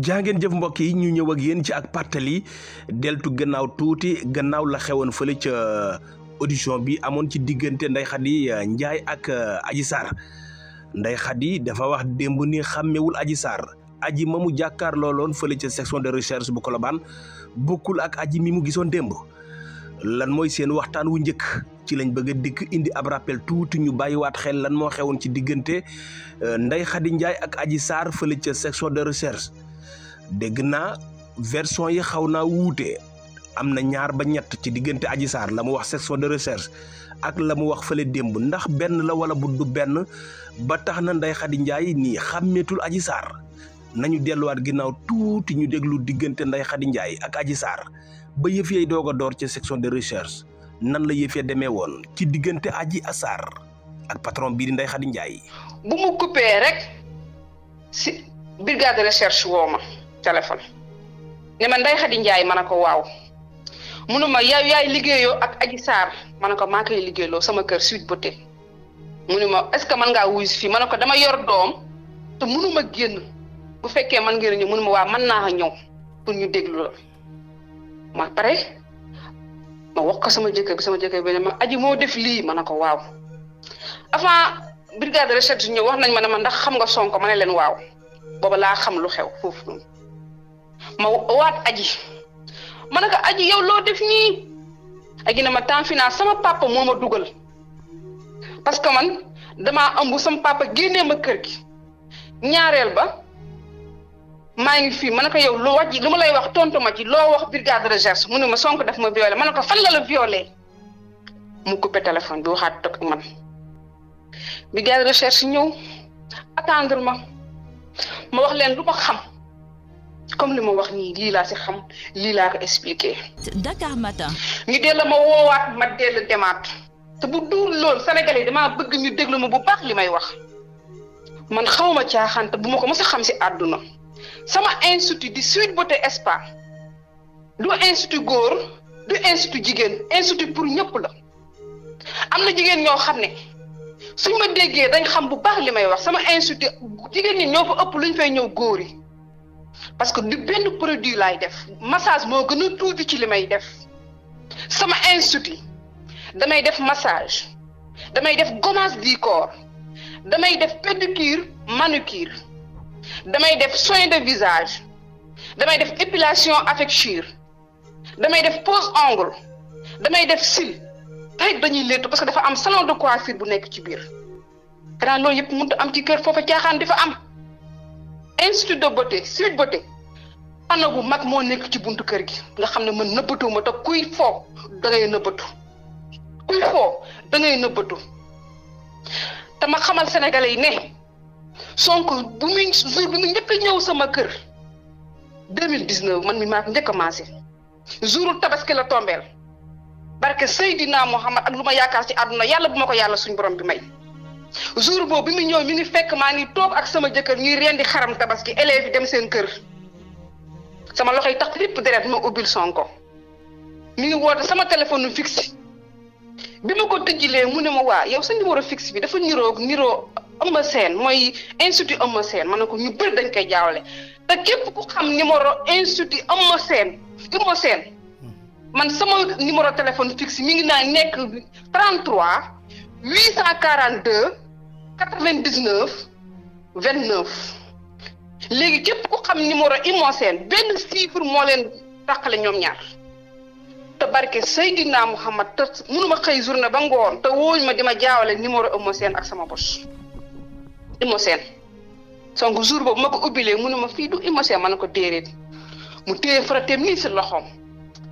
jangeen jëf mbokk yi ñu ñëw ak yéen ci ak pàttali deltu gannaaw tuuti gannaaw la xewoon fële ca audition bi amoon ci diggante Ndeye Khady euh, njaay ak euh, Adji Sarr Ndeye Khady dafa wax démb ni xàmmewul Adji Sarr aji ma mu jàkkaar looloon fële ca section de recherche bu Colobane bokkul ak aji mi mu gisoon démb lan mooy seen waxtaan wu njëkk ci lañ bëgg a dikk indi ab rappel tuuti ñu bàyyiwaat xel lan moo xewoon ci diggante euh, Ndeye ak Adji Sarr fële ca section de recherche dégg naa version yi xaw naa wuute am na ñaar ba ñett ci diggante Adji Sarr la mu wax section de recherche ak la mu wax fale démb ndax benn la wala bu benn ba tax na Ndeye Khady Ndiaye nii xàmmeetul Adji Sarr nañu delluwaat ginnaaw tuuti ñu déglu diggante Ndeye Khady Ndiaye ak aji Sarr ba yëf yay doog a door ci section de recherche nan la yëf ya demee woon ci diggante Adji Sarr ak patron bii di Ndeye Khady bu mu coupé rek si brigade recherche woo téléphone ne ma Ndeye Khady Ndiaye ma ne ko waaw munu ma yaay liggéeyoo ak aji Sarr ma ne ko maa koy liggéeyloo sama kër Sweet Beauté munu ma est ce que man ngaa wuyu si fii ma ne ko dama yor doom te munu génn bu fekkee man ngeen ñëw munu ma waa mën naa ñëw pour ñu déglu la ma pare ma wax sama jëkkër bi sama jëkkër bi ma aji moo def lii ma ne ko waaw avant brigade de recherche wax nañ ma ne ma ndax xam nga Sonko ma ne leen waaw booba laa xam lu xew foofu ma waat aji ma ne ko aji yow loo def nii aji na ma temps sama papa moo ma dugal parce que man damaa ëmb sama papa génnee ma kër gi ñaareel ba maa ngi fii ma ne ko yow lu wàcc lu ma lay wax tontu ma ci loo wax brigade de recherche mu ne ma Sonko daf ma violé ma ne ko fan la la violé mu coupé téléphone bi waxaat toog man brigade de recherche ñëw attendre ma ma wax leen lu ma xam. comme li ma wax nii lii laa si xam lii laa ko expliqué. Dakar Matin. ñu dellu ma woowaat ma dellu demaat. te bu duur lool Sénégalais yi damaa bëgg ñu déglu ma bu baax li may wax man xawma caaxaan te bu ma ko mos a xam si àdduna sama institut di Sweet Beauté Spa du institut góor du institut jigéen institut pour ñëpp la am na jigéen ñoo xam ne suñ ma déggee dañ xam bu baax li may wax sama institut jigéen ñi ñoo fa ëpp luñ fay ñëw góor yi parce que du benn produit laay def massage moo gën a tuuti ci li may def sama institut damay def massage damay def gommage du corps damay def pédicure manucure damay def soin de visage damay def épilation affecture damay def pose ongle damay def cils tey dañuy léttu parce que dafa am salon de coiffure bu nekk ci biir xanaa loolu yëpp mënut am ci kër foofu caaxaan dafa am. institut de beauté suite beauté ana bu mag moo nekk ci buntu kër gi nga xam ne man nëbbatuwuma te kuy foo da ngay nëbbatu kuy foo da ngay nëbbatu te ma xamal sénégalais yi ne Sonko bu muy jour bi mu njëkk a ñëw sama kër 2019 man mi maa njëkk a commencé jouru tabaski la tombeel barke Seydina Mouhamad ak lu ma yaakaar ci àdduna yàlla bu ma ko yàlla suñ borom bi may jour boobu bi mu ñëw mi ngi fekk maa ngi toog ak sama jëkkër ñuy rendi xaram tabaski élève yi dem seen kër sama loxo yi tax lépp deret ma ubbil sonko mi ngi woote sama téléphone fixe bi ma ko tëjjilee mu ne ma waa yow sa numéro fixe bi dafa niroo niroo Eumeu Sène mooy institut Eumeu ma ne ko ñu bëri dañ koy jaawale te képp ku xam numéro institut Eumeu Sène Eumeu Sène man sama numéro téléphone fixe mi ngi naa nekk 33 842 quatre-vingt-dix-neuf vingt-neuf léegi képp ku xam numéro Imosène benn chiffre moo leen tàqale ñoom ñaar te barke Seydina Muhammad te mënuma xëy na ba ngoon te wóoñ ma dima jaawale numéro Imosène ak sama bos Imosène donc jour boobu ma ko ubbilee mënuma fii du Imosène man na ko déedéet mu téye farateem nii si loxoom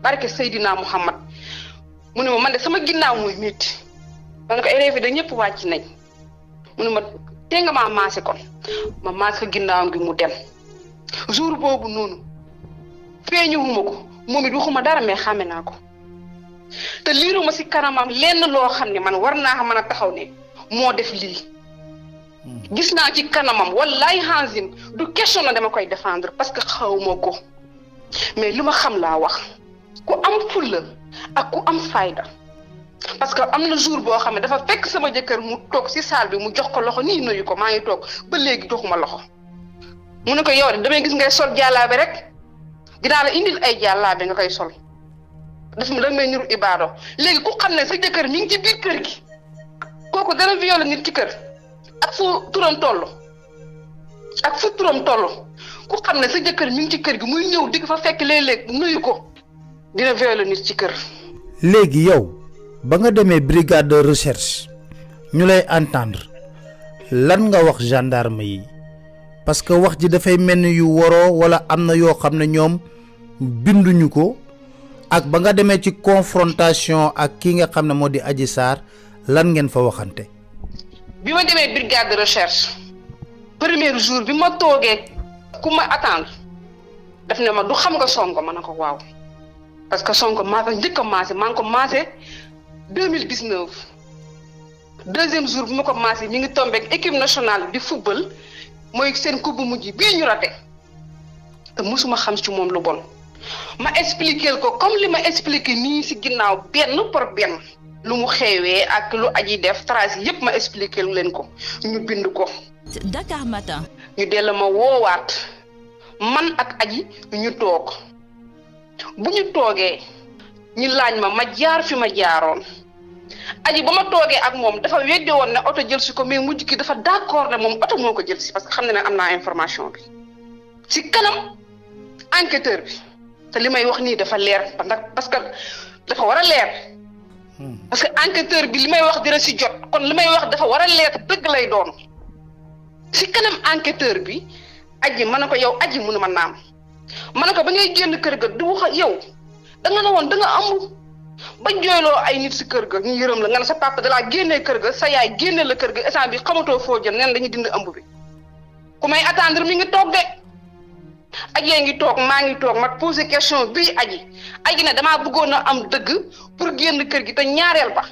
barke Seydina Muhammad mu ne ma man de sama ginnaaw muy nit man ne ko élèves da ñëpp wàcc nañ mu ne ma tee nga maa maase ko ma maase ginnaawam gi mu dem jour boobu noonu feeñuwuma ko moom it waxuma dara mais xàmme naa ko te liiruma si kanamam lenn loo xam ne man war naa mën a taxaw ne moo def lii hmm. gis naa ci kanamam wallaay hanzim du question na dama koy défendre parce que xawma ko mais li ma xam laa wax ku am fula ak ku am fayda parce que am na jour boo xam ne dafa fekk sama jëkkër mu toog si saal bi mu jox ko loxo nii nuyu ko maa ngi toog ba léegi joxuma loxo mu ne ko yow de damay gis ngay sol jàllaabe rek dinaa la indil ay jàllaabe nga koy sol daf mu damay niru ibaado léegi ku xam ne sa jëkkër mi ngi ci biir kër gi kooku dara violé nit ci kër ak fu turam toll ak fu toll ku xam ne sa jëkkër mi ngi ci kër gi muy ñëw di fa fekk léeg-léeg nuyu ko dina violé nit ci kër. léegi yow. ba nga demee brigade de recherche ñu lay entendre lan nga wax gendarme yi parce que wax ji dafay mel ni yu woro walla am na yoo xam ne ñoom binduñu ko ak ba nga demee ci confrontation ak ki nga xam ne moo di aji Sarr lan ngeen fa waxante. bi ma demee brigade de recherche premier jour bi ma toogee ku ma attendre daf ne ma du xam nga Sonko ma na ko waaw parce que maa ko njëkk a maase maa ngi ko maase mille 2019 deuxième jour bu ma ko maasee mi ngi tombé ak équipe nationale di football mooy seen coupe bu mujj bii ñu rate te mosuma xam ci moom lu bon. ma expliquer ko comme li ma expliquer nii ci ginnaaw benn par benn lu mu xewee ak lu aji def trace yépp ma expliquer lu leen ko ñu bind ko. Dakar Matin. ñu dell ma woowaat man ak aji ñu toog bu ñu toogee ñu laaj ma ma jaar fi ma jaaroon. aji ba ma toogee ak moom dafa weddi woon ne oto jël si ko mais mu ki dafa d'accord ne moom oto moo ko jël si parce que xam na ne am naa information bi kanam enquêteur bi te li may wax nii dafa leer ndax parce que dafa war a leer. Hmm. parce que enquêteur bi li may wax dina si jot kon li may wax dafa war a leer dëgg lay doon si kanam enquêteur bi aji ma ne ko yow aji mënu ma naam ma ne ko ba ngay génn kër ga du wax yow da na woon da nga amul. bañ jooyloo ay nit si kër ga ñu la nga ne sa papa dalaa génnee kër ga sa yaay génne la kër ga instant bi xamatoo foo jëm neen dañuy dind ëmb bi ku may attendre mi ngi toog de aji ngi toog maa ngi toog ma posé question bii aji aji ne damaa bëggoon a am dëgg pour génn kër gi te ñaareel ba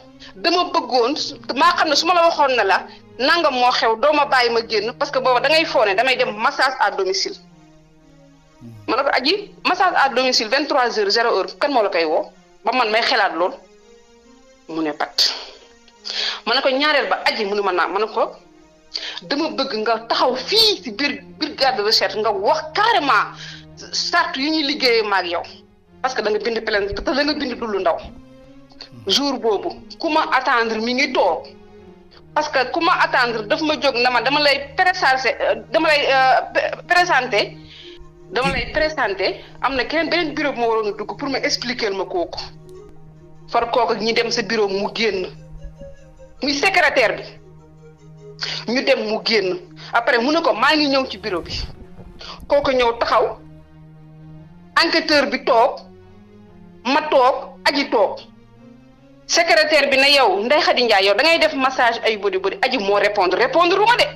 dama bëggoon maa xam ne su ma la waxoon ne la nangam moo xew doo ma bàyyi ma génn parce que booba da ngay foone damay dem massage à domicile hmm. ma ne ko aji massage à domicile vingt trois heures zéro heure kan moo la koy woo ba man may xelaat lool mu ne pat ma ne ko ñaareel ba aji mu ne ma naa ma ne ko dama bëgg nga taxaw fii ci biir brigade de recherche nga wax carrément sart yu ñuy liggéeyee maag yow parce que da nga bind plainte te da nga bind du lu ndaw jour boobu ku ma attendre mi ngi toog parce que ku ma attendre daf ma jóg na ma dama lay présenté dama lay euh, présenté dama lay présenté am na kenn beneen bureau bu ma waroon a dugg pour ma expliquer ma kooku far kooku ñi dem sa bureau mu génn muy secrétaire bi ñu dem mu génn après mu ne ko maa ngi ñëw ci bureau bi kooku ñëw taxaw enquêteur bi toog ma toog aji toog secrétaire bi na yow Ndeye Khady Ndiaye yow da ngay def massage ay body body aji moo répondre répondre lu ma de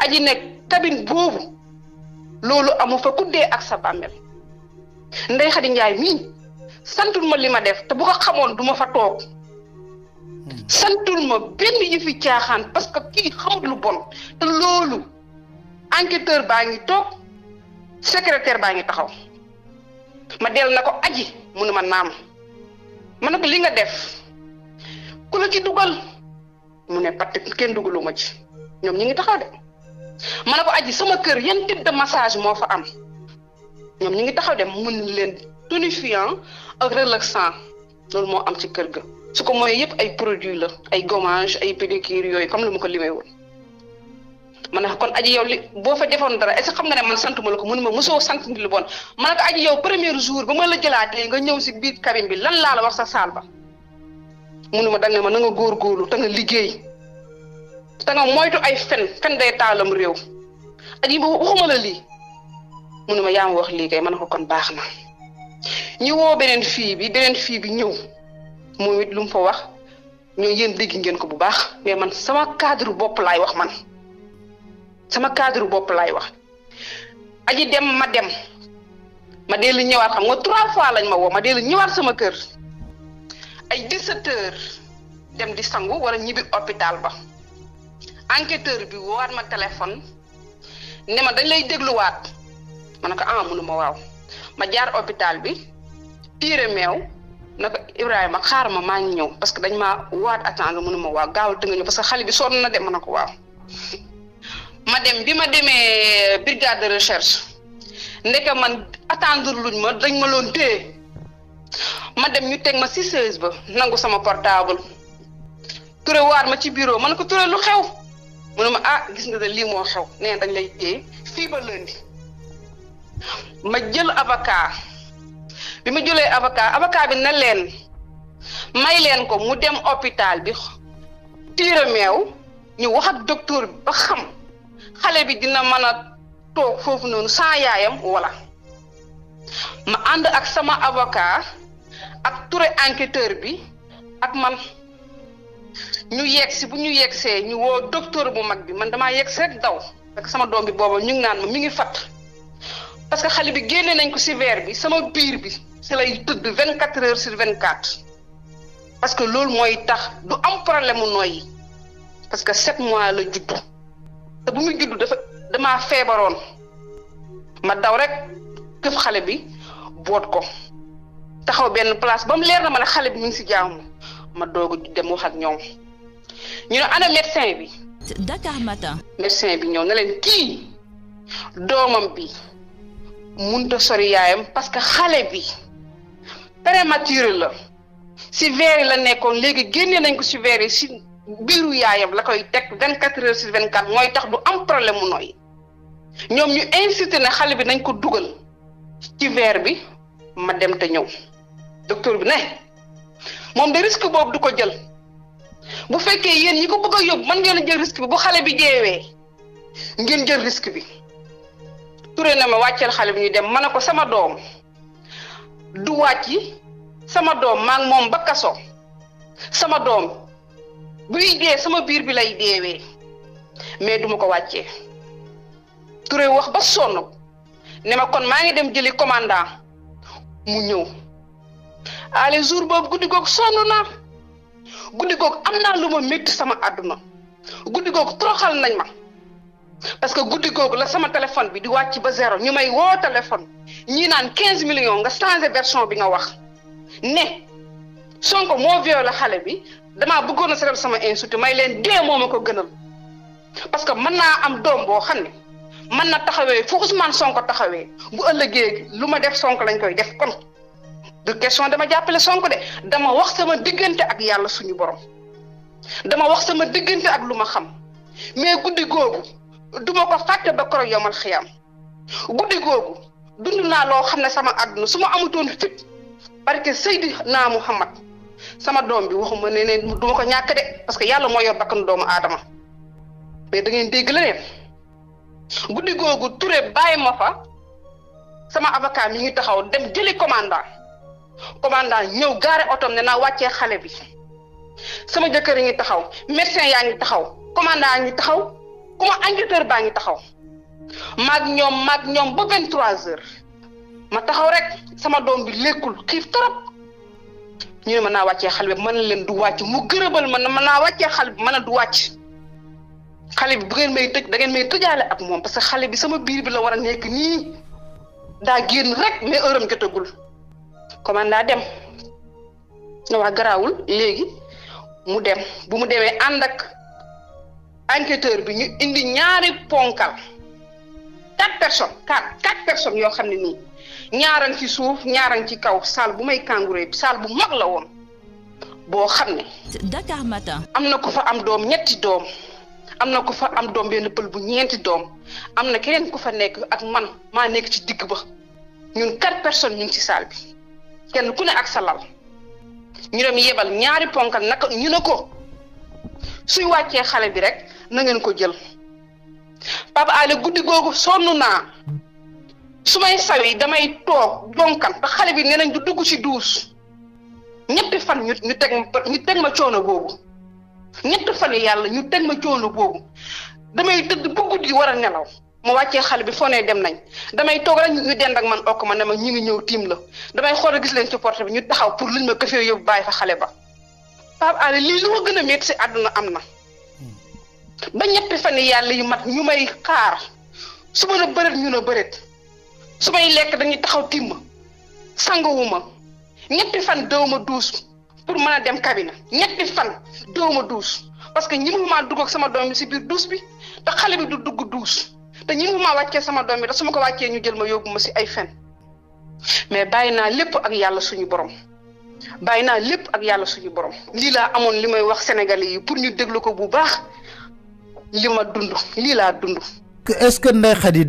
aji nekk cabine boobu. loolu amu fa ku dee ak sa bàmmeel Ndeye Khady Ndiaye mii santul ma li ma def te bu ko xamoon du ma fa toog santul ma benn yëfi caaxaan parce que kii xamul lu bon te loolu enqueteur baa ngi toog secrétaire baa ngi taxaw ma del na ko aji mu ne ma naam mana ko li nga def ku la ci dugal mu ne patt kenn dugalu ma ci ñoom ñi ngi taxaw de ma ne ko aji sama kër yan type de massage moo fa am ñoom ñu ngi taxaw dem mun leen tonifiant ak relaxant loolu moo am ci kër ga su ko mooy yëpp ay produits la ay gommage ay pédicure yooyu comme li ma ko limee woon ma kon aji yow li boo fa defoon dara est-ce que xam nga ne man sant ma la ko mun ma mosoo sant lu bon ma ne ko aji yow premier jour ba ma la jëlaat jëlaatee nga ñëw si biir cabine bi lan laa la wax sa saal ba munuma da nga ma na nga góorgóorlu te nga liggéey. te nga moytu ay fen fen day taalam réew ak yi waxuma la lii ma yaa wax lii kay mën na ko kon baax na ñu woo beneen fii bi beneen fii bi ñëw moom it lu mu fa wax ñoo yéen dégg ngeen ko bu baax mais man sama cadre bopp laay wax man sama cadre bopp laay wax aji dem ma dem ma dellu ñëwaat xam nga trois fois lañ ma woo ma dellu ñëwaat sama kër ay 17 heures dem di sangu wala ñibbi hôpital ba enquêteur bi woowaat ma téléphone ne ma dañ lay dégluwaat ma ne ko ah ma waaw ma jaar hôpital bi tiire meew na ko Ibrahima xaar ma maa ngi ñëw parce que dañ ma waat attendre mënu ma waaw gaawal te nga ñëw que xale bi sonn na dem ma ne ko waaw ma dem bi ma demee brigade de recherche ndeke man attendre luñ ma dañ ma loon ma dem ñu teg ma si seize ba nangu sama portable Touré waar ma ci bureau ma ne ko Touré lu xew. mu ne ah gis nga de lii moo xew nee dañ lay téye fii ba lundi ma jël avocat bi ma jëlee avocat avocat bi na leen may leen ko mu dem hôpital bi tiire meew ñu wax ak bi ba xam xale bi dina mën a toog foofu noonu saa yaayam wala ma ànd ak sama avocat ak ture enquêteur bi ak man ñu yegg si bu ñu yegg see ñu woo docteur bu mag bi man damaa yegg si daw parce sama doom bi booba ñu ngi naan ma mi ngi fatt parce que xale bi génne nañ ko si verre bi sama biir bi si lay tëdd vingt quatre heures sur vingt quatre parce que loolu mooy tax du am problème mu nooyi parce que sept mois la juddu te bu muy juddu dafa damaa feebaroon ma daw rek këf xale bi boot ko taxaw benn place ba mu leer na ma ne xale bi mi ngi si jaamu ma doog dem wax ak ñoom. ñu ne ana médecin bi. Dakar Matin. médecin bi ñëw na leen kii doomam bi munta sori yaayam parce que xale bi prématuré la si verre la nekkoon léegi génne nañ ko si verre yi si biiru yaayam la koy teg vingt quatre heures sur vingt quatre mooy tax du am problème mu nooy ñoom ñu insisté ne xale bi nañ ko dugal ci verre bi ma dem te ñëw docteur bi ne moom de risque boobu du ko jël. bu fekkee yéen ñi ko bëgg a yóbbu mën ngeen jël risque bi bu xale bi deewee ngeen jël risque bi ture na ma wàcceel xale bi ñu dem ma ne ko sama doom du wàcc sama doom maa moom ba kaso sama doom buy dee sama biir bi lay deewee mais duma ko wàccee Touré wax ba sonn ne ma kon maa ngi dem jëli commandant mu ñëw ale jour boobu guddi googu sonn na guddi googu am naa lu ma métti sama àdduna guddi googu toroxal nañ ma parce que guddi googu la sama téléphone bi di wàcc ba zéro ñu may woo téléphone ñii naan quinze millions nga changé version bi nga wax ne Sonko moo violé xale bi damaa bëggoon a setal sama institut may leen dee moo ma ko gënal parce que mën naa am doom boo xam ne man na taxawee fu Ousmane Sonko taxawee bu ëllëgee lu ma def sonk lañ koy def kon du question dama jàppale Sonko de dama wax sama diggante ak yàlla suñu borom dama wax sama diggante ak lu ma xam mais guddi googu duma ko fàtte ba koro yomal xiyam guddi googu dund naa loo xam ne sama àdduna su ma amutoon fit parce que Seydina Muhammad sama doom bi waxuma ne ne du ma ko ñàkk de parce que yàlla moo yor bakkanu doomu aadama mais da ngeen dégg leneen guddi googu Touré bàyyi ma fa sama avocat mi ngi taxaw dem jëli commandant commandant ñëw gaare otoom na naa wàccee xale bi sama jëkkër a ngi taxaw médecin yaa ngi taxaw commandant ngi taxaw ku ma enquêteur baa ngi taxaw maag ñoom maag ñoom ba vingt trois heures ma taxaw rek sama doom bi lekkul xiif trop ñu ne mën naa wàccee xale bi mën leen du wàcc mu gërëbal man mën naa wàccee xale bi mën a du wàcc xale bi bu ngeen may tëj da ngeen may tëjaale ak moom parce que xale bi sama biir bi la war a nekk nii daa génn rek mais heure am jotagul commanda dem na wax garaawul léegi mu dem bu mu demee ànd ak enquêteur bi ñu indi ñaari ponkal quatre personnes personnes yoo xam ne nii ñaaran ci suuf ñaaran ci kaw saal bu may kangouré bi saal bu mag la woon boo xam ne Dakar Matin am na ko fa am doom ñetti doom am na ko fa am doom benn pël bu ñeenti doom am na keneen ku fa nekk ak man maa nekk ci dikk ba ñun quatre personnes ñu ngi ci saal bi kenn ku ne ak sa lal ñu dem yebal ñaari ponkal naka ñu ne ko suy wàccee xale bi rek na ngeen ko jël Papa Alé guddi googu sonn naa su may sawi damay toog jonkan te xale bi ne nañ du dugg si duus ñetti fan ñu ñu ma coono boobu ñetti fan yàlla ñu teg ma coono boobu damay tëdd bu guddi war a nelaw mu wàccee xale bi foo ne dem nañ damay toog rek ñu dend ak man okk ma ne ma ñu ngi ñëw tiim la damay xool gis leen ci porte bi ñu taxaw pour luñ ma këfee yóbbu bàyyi fa xale ba Pape Alé lii lu ma gën a si àdduna am na hmm. ba ñetti fan yàlla yu mat ñu may xaar su ma la bëreet ñu la bëreet su may lekk dañuy taxaw tiim ma sangawu ma ñetti fan doo ma duus pour mën a dem cabine ñetti fan doo ma duus parce que ñi maa dugg ak sama doom si biir duus bi te xale bi du dugg duus. te ñi ngu maa wàccee sama doom bi da su ma ko wàccee ñu jël ma yóbbu ma si ay fen mais bàyyi naa lépp ak yàlla suñu borom bàyyi naa lépp ak yàlla suñu borom lii laa amoon li may wax sénégalais yi pour ñu déglu ko bu baax li ma dund lii laa dund est-ce que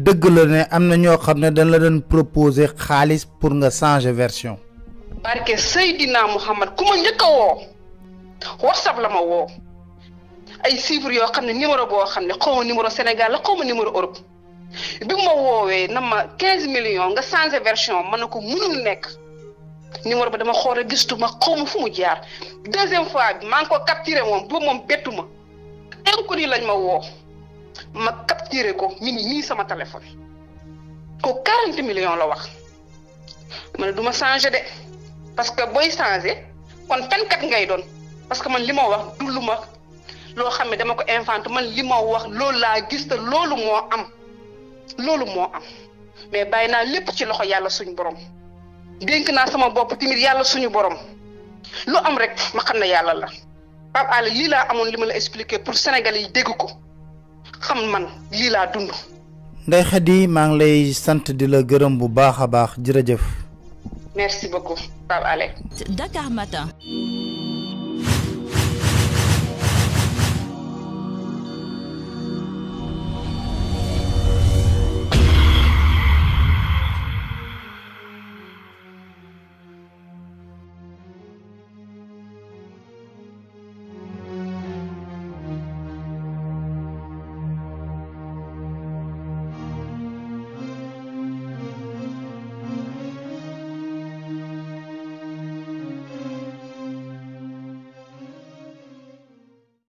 dëgg la ne am na ñoo xam ne dañ la doon proposer xaalis pour nga changer version barke Seydina Mouhamad ku ma njëkk a woo whatsapp la ma woo ay chiffres yoo xam ne numéro boo xam ne xaw ma numéro Sénégal la xaw ma numéro Europe bi ma woowee nama ma 15 millions nga changé version ma ko mënul nekk numéro ba dama xool a gistu ma xaw ma fu mu jaar deuxième fois bi maa moom boobu moom bettu ma inconnu lañ ma woo ma capturé ko mi sama téléphone ko 40 millions la wax ma ne du changé de parce que booy changé kon fenkat ngay doon parce que man li wax du lu loo xam ne dama ko inventé man li ma wax loolu laa gis te loolu moo am loolu moo am mais bàyyi naa lépp ci loxo yàlla suñu borom dénk naa sama bopp tamit yàlla suñu borom lu am rek ma xam ne yàlla la Pape Alé lii laa amoon li ma la expliqué pour Sénégalais yi dégg ko xam man lii laa dund. Ndeye Khady maa ngi lay sant di la gërëm bu baax a baax jërëjëf. merci beaucoup Pape Alé.